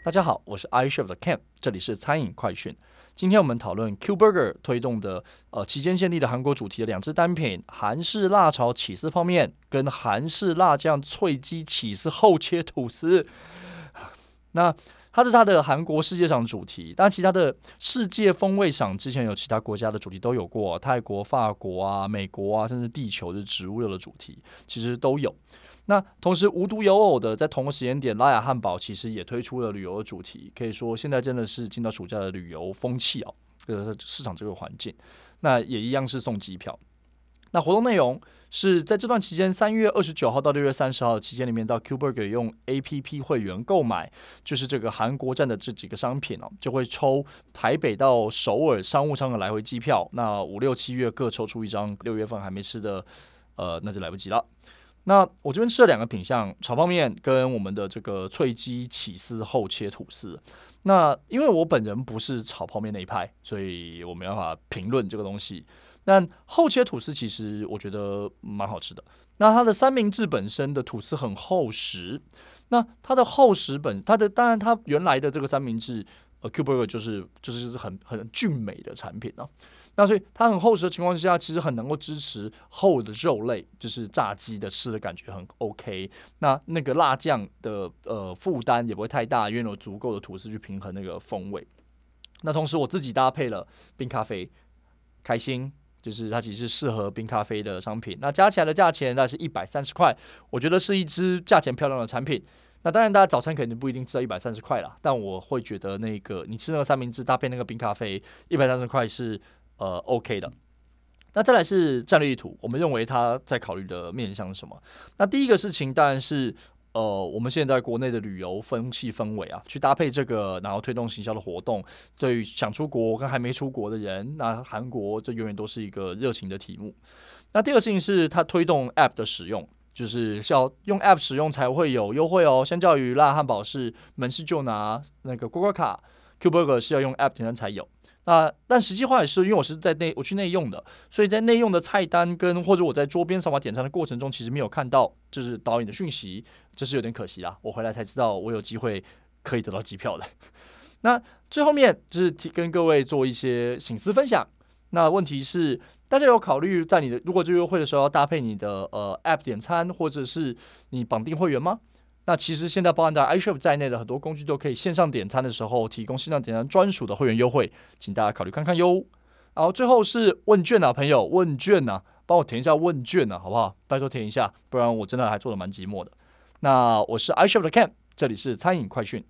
大家好，我是 iCHEF 的 Ken，這裡是餐飲快訊。今天我們討論 Q Burger 推動的呃，期間限定的韓國主題的兩支單品：韓式辣炒起司泡麵跟韓式辣醬脆雞起司厚切吐司。那它是它的韓國世界賞主題，但其他的世界風味賞之前有其他國家的主題都有過，哦，泰國、法國啊、美國啊，甚至地球的植物肉的主題其實都有。那同時無獨有偶的，在同個時間點，拉雅漢堡其實也推出了旅遊的主題，可以說現在真的是進到暑假的旅遊風氣哦，呃、就是、市場這個環境，那也一樣是送機票。那活動內容。是在這段期間，三月二十九號到六月三十號期間裡面，到 Q Burger 可以用 APP 會員購買，就是這個韓國站的這幾個商品哦，就會抽台北到首爾商務艙的來回機票。那五六七月各抽出一張，六月份還沒吃的，呃，那就來不及了。那我這邊吃了兩個品項炒泡面跟我們的這個脆雞起司厚切吐司。那因為我本人不是炒泡麵那一派，所以我沒有辦法評論這個東西。但厚切吐司其實我覺得蠻好吃的。那它的三明治本身的吐司很厚實，那它的厚實本它的當然它原來的這個三明治，呃，Q Burger 就是就是很很俊美的產品啊。那所以它很厚實的情況之下，其實很能夠支持厚的肉類，就是炸雞的吃的感覺很 OK。那那個辣醬的呃負擔也不會太大，因為有足夠的吐司去平衡那個風味。那同時我自己搭配了冰咖啡，開心。就是它其實適合冰咖啡的商品，那加起來的價錢大概是一百三十塊，我覺得是一支價錢漂亮的產品。那當然大家早餐肯定不一定吃到一百三十塊了，但我會覺得那個你吃那個三明治搭配那個冰咖啡一百三十塊是呃 OK 的。那再來是戰略意圖，我們認為他在考慮的面向是什麼？那第一個事情當然是。呃，我們現在國內的旅遊風氣氛圍啊，去搭配這個，然後推動行銷的活動，對於想出國跟還沒出國的人，那韓國這永遠都是一個熱情的題目。那第二個事情是，它推動 App 的使用，就是要用 App 使用才會有優惠哦。相較於拉亞漢堡是門市就拿那個刮刮卡，Q Burger 是要用 App 才能才有。啊、呃，但實際話也是，因為我是在內，我去內用的，所以在內用的菜單跟或者我在桌邊掃碼點餐的過程中，其實沒有看到就是導引的訊息，這是有點可惜啦。我回來才知道，我有機會可以得到機票的。 那最後面就是提跟各位做一些省思分享。那問題是，大家有考慮在你的如果這個優惠的時候，要搭配你的呃 App 點餐，或者是你綁定會員嗎？那其實現在包含在 iCHEF 在內的很多工具都可以線上點餐的時候，提供線上點餐專屬的會員優惠，請大家考慮看看喲。然後最後是問卷啊，朋友問卷吶、啊，幫我填一下問卷吶、啊，好不好？拜托填一下，不然我真的還做的蠻寂寞的。那我是 iCHEF 的 Ken，這裡是餐飲快訊。